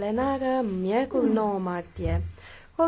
plenară, miercuri 9 martie.